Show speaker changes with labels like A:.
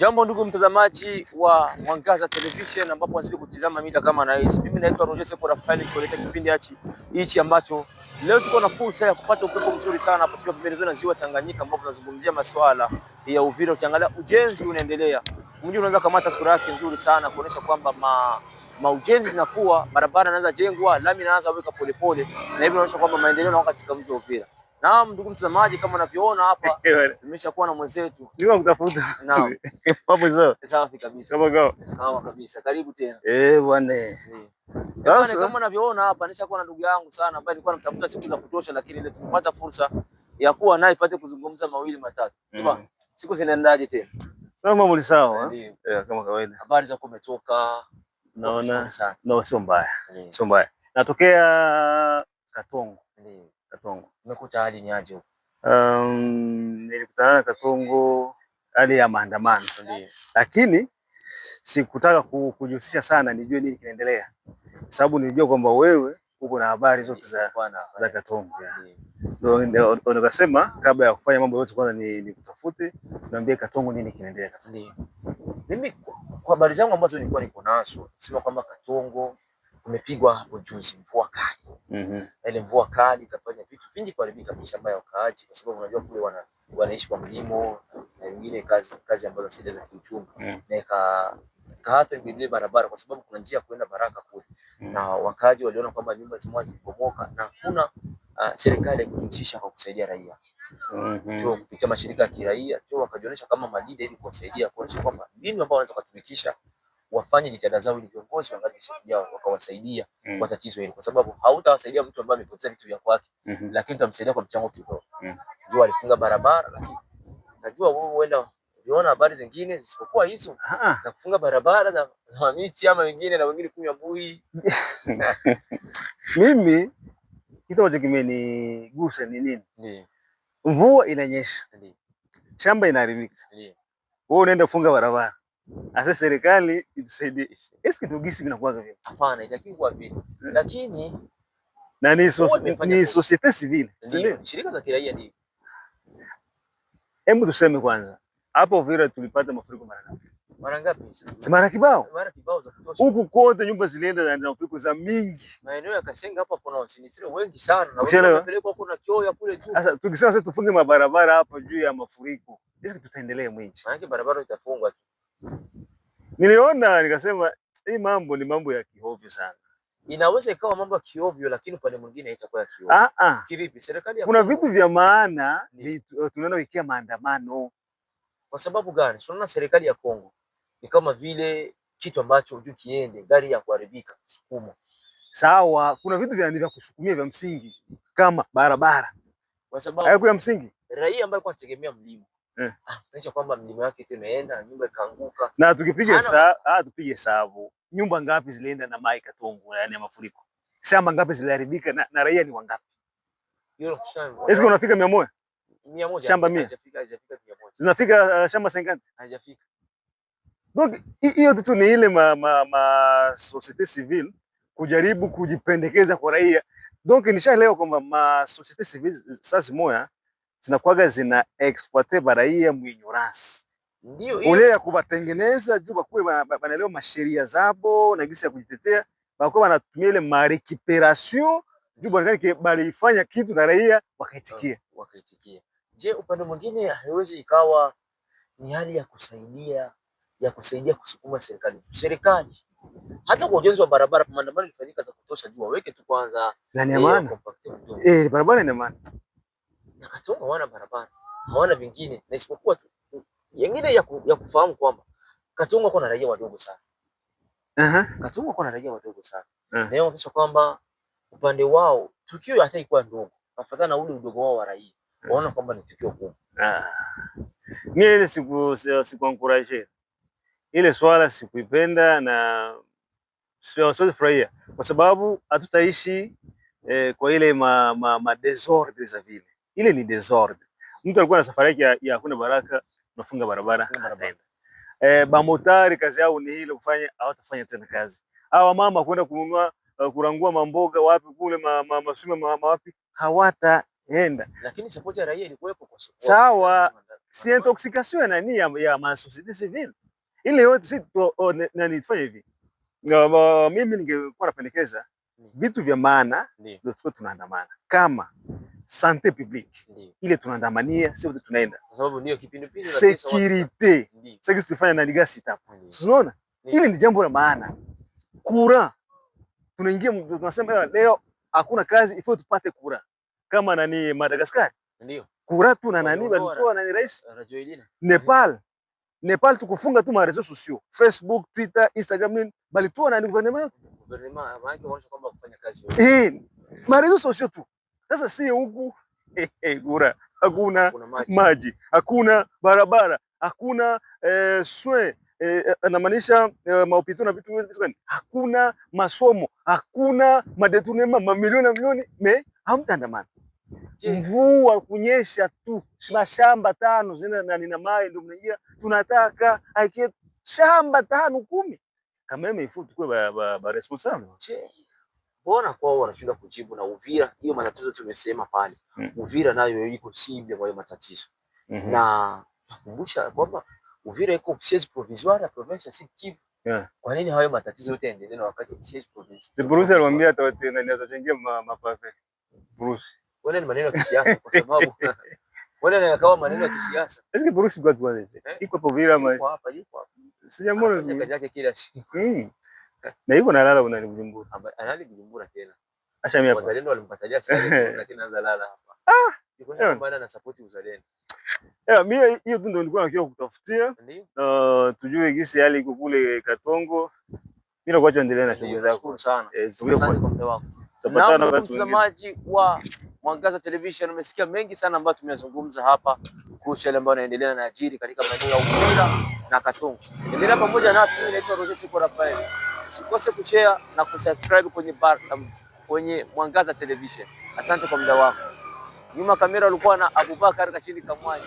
A: Jambo ndugu mtazamaji wa Mwangaza Television, ambapo wazidi kutizama mida kama na hizi. Mimi naitwa Roger Sepo Rafael, kuelekea kipindi hichi hichi ambacho leo tuko na fursa ya kupata upepo mzuri sana hapa tukiwa pembezoni na ziwa Tanganyika, ambapo tunazungumzia masuala ya Uvira. Ukiangalia ujenzi unaendelea, mji unaanza kamata sura yake nzuri sana kuonesha kwamba ma maujenzi zinakuwa, barabara inaanza jengwa, lami inaanza weka polepole, na hivyo inaonyesha kwamba maendeleo na katika mji wa Uvira. Naam, ndugu mtazamaji, kama unavyoona hapa tumeshakuwa na mwenzetu. Kutafuta. Naam. Safi kabisa. Kama Sawa kabisa. Karibu tena.
B: Eh, bwana. Eh.
A: Sasa kama unavyoona hapa nishakuwa na ndugu yangu sana ambaye nilikuwa namtafuta siku za kutosha, lakini leo tumepata fursa ya kuwa naye pate kuzungumza mawili matatu. Ndio. Eh. Siku zinaendaje tena?
B: Sawa, Mambo ni sawa. Eh? eh, kama kawaida.
A: Habari za kumetoka?
B: Naona. No, sio mbaya. Sio mbaya. Natokea Katongo. Ndio. Katongo.
A: Umekuta hali ni aje huko?
B: Um, nilikutana na Katongo hali ya maandamano ndio, lakini sikutaka kujihusisha sana, nijue nini kinaendelea, sababu nilijua kwamba wewe uko na habari zote za, za Katongo ndio nikasema kabla ya kufanya mambo yote kwanza nikutafute niambie Katongo nini kinaendelea.
A: mimi kwa habari zangu ambazo nilikuwa niko nazo sema kwamba Katongo umepigwa hapo juzi mvua kali. Mhm. Ile yaani mvua kali ikafanya vitu vingi kuharibika mashamba ya wakaaji, kwa sababu unajua kule wana wanaishi kwa mlimo na nyingine kazi kazi ambazo zile za kiuchumi na ika kaathiri ile barabara, kwa sababu kuna njia kwenda Baraka kule mm. na wakaaji waliona kwamba nyumba zimwa zilipomoka na kuna uh, ah, serikali kujihusisha kwa kusaidia raia mm -hmm. cho kupitia mashirika ya kiraia tu wakajionyesha kama madida ili kuwasaidia kuonesha kwamba nini ambao wanaweza kutumikisha wafanye jitihada zao ili viongozi waangalie sijao wakawasaidia mm. kwa tatizo hili, kwa sababu hautawasaidia mtu ambaye amepoteza vitu vya kwake mm -hmm. lakini utamsaidia kwa mchango kidogo mm. jua alifunga barabara, lakini najua wewe huenda uliona habari zingine zisipokuwa hizo za kufunga barabara na mamiti ama wengine na wengine kunywa bui
B: mimi kitu ambacho kimenigusa ni nini? Mvua inanyesha, shamba inaharibika, wewe unaenda kufunga barabara Asa serikali itusaidie. Eski tugisi kwa vile?
A: Hapana, itakiwa vile. Eh. Lakini
B: na ni societe civile,
A: ndio shirika za kiraia ndio.
B: Hebu tuseme kwanza hapo Uvira tulipata mafuriko mara ngapi? Mara ngapi? Si mara kibao.
A: Mara kibao za kutosha.
B: Huku kote nyumba zilienda na mafuriko za mingi.
A: Maeneo ya Kasenga hapa kuna wasinisire wengi sana na
B: wengine wamepelekwa
A: huko na ya kule juu.
B: Sasa tukisema sasa tufunge mabarabara hapa juu ya mafuriko. Hizi tutaendelea mwingi.
A: Maana barabara itafungwa tu.
B: Niliona nikasema hii mambo ni mambo ya kiovyo sana.
A: Inaweza ikawa mambo ya kiovyo, lakini upande mwingine haitakuwa ya kiovyo. Ah ah. Kivipi? Serikali ya
B: kuna vitu vya maana tunaona tunaenda maandamano.
A: Kwa sababu gani? Tunaona serikali ya Kongo ni kama vile kitu ambacho hujui kiende, gari ya kuharibika kusukuma.
B: Sawa, kuna vitu vya ndivyo kusukumia vya msingi kama barabara. Kwa sababu ya msingi
A: raia ambaye kwa tegemea mlima eh, ah, kwamba mlima wake imeenda nyumba ikaanguka.
B: Na tukipige sa ah, tupige sabu, nyumba ngapi zilienda na maji Katongo, yani mafuriko? Shamba ngapi ziliharibika na, na raia ni wangapi? Hizo unafika mia moja shamba mia zinafika uh, shamba senkanti haijafika. Donc hiyo tu ni ile ma, ma, ma societe civile kujaribu kujipendekeza kwa raia. Donc nishaelewa kwamba ma societe civile sasa moya zinakuwaga zina exploite baraia mwinyuransi ule ya kubatengeneza juu bakuwe banaelewa masheria zabo na gisi ya kujitetea, bakuwe banatumia ile marecuperation juu banakanike balifanya kitu na raia wakaitikia.
A: Uh, wakaitikia. Je, upande mwingine haiwezi ikawa ni hali ya kusaidia ya kusaidia kusukuma serikali serikali hata kwa ujenzi wa barabara, maandamano ilifanyika za kutosha, juu waweke tu kwanza
B: na ni amana eh, barabara ni amana
A: na Katongo hawana barabara, hawana vingine na isipokuwa yengine ya, ku, ya kufahamu kwamba Katongo kuna raia wadogo sana. Aha. Uh -huh. Katongo kuna raia wadogo sana. Uh -huh. Na inaonyesha kwamba upande wao tukio hata ikuwa ndogo, afadhali na ule udogo wao wa raia. Waona kwamba ni tukio kubwa.
B: Ah. Mimi ile siku siku sikuankuraje. Ile swala sikuipenda na sio sio furahia kwa sababu hatutaishi eh, kwa ile ma, ma, ma desordre za vile ile ni desordre. Mtu alikuwa na safari yake ya, kuna baraka, nafunga barabara hataenda. Eh, bamotari kazi yao ni ile kufanya, hawatafanya tena kazi. Hawa mama kwenda kununua uh, kurangua mamboga wapi kule ma, ma, masuma ma, ma, wapi hawataenda.
A: Lakini support ya raia ilikuwepo kwa support.
B: Sawa, si intoxication nani ya, ya ma société civile. Ile yote si nani tufanye hivi. Mimi ningekuwa napendekeza vitu vya maana ndio tuko tunaandamana kama sante publique ile tunaandamania, sio tu tunaenda
A: kwa sababu ndio kipindupindu
B: na security. Sasa kitu tufanya na ligasi tapo, unaona hili ni jambo la maana. Kura tunaingia tunasema leo hakuna kazi, ifo tupate kura kama nani Madagascar, ndio kura tu na nani walikuwa nani rais Nepal Nepal, tukufunga tu ma reseaux sociaux Facebook, Twitter, Instagram nini, bali tu na ni gouvernement Eh, maelezo sosio tu sasa, si huku gura eh, eh, hakuna maji. maji hakuna barabara hakuna eh, swe eh, anamaanisha eh, maopito na vitu gani, hakuna masomo hakuna madetournema mamilioni na milioni me hamtaandamana mvua kunyesha tu, mashamba tano zina na nina mai ndio mnaingia, tunataka aikie shamba tano kumi kama meme ifu tukue ba, ba, ba responsable.
A: Che. Mbona kwao wanashinda kujibu na Uvira hiyo matatizo tumesema pale. Mm. Uvira nayo iko cible kwa hiyo matatizo. Mm -hmm. Na kukumbusha kwamba Uvira iko siège provisoire ya province ya Sud Kivu. Yeah. Kwa nini hayo matatizo yote yaendelee na wakati siège province?
B: Si Bruce alimwambia atachangia mapafe. Bruce.
A: Wale ni maneno ya kisiasa kwa sababu wale ni kama maneno ya kisiasa.
B: Eske Bruce kwa kwa eh? Iko Uvira ama? Yuko
A: hapa, yuko hapa.
B: Sijamuona
A: yake kila siku.
B: Mm. Na yuko nalala unani Bujumbura.
A: Bujumbura tena. Acha mimi hapa. Wazalendo lakini lala hapa. Ah, yuko bana na support uzalendo.
B: Eh, mimi hiyo tu ndio nilikuwa nakiwa kutafutia. Uh, tujue gisi hali iko kule Katongo. Mimi nakuacha endelea na shughuli
A: zako. Eh, asante kwa muda wako. Tutapatana na mtazamaji wa Mwangaza Television, umesikia mengi sana ambayo tumeyazungumza hapa kuhusu yale ambayo yanaendelea na ajiri katika maeneo ya Uvira na Katongo. Endelea pamoja nasi, mimi naitwa Rogesi Rafael. Usikose kushare na kusubscribe kwenye bar, um, kwenye Mwangaza Television. Asante kwa muda wako. Nyuma kamera ulikuwa na Abubakar Kachini Kamwani.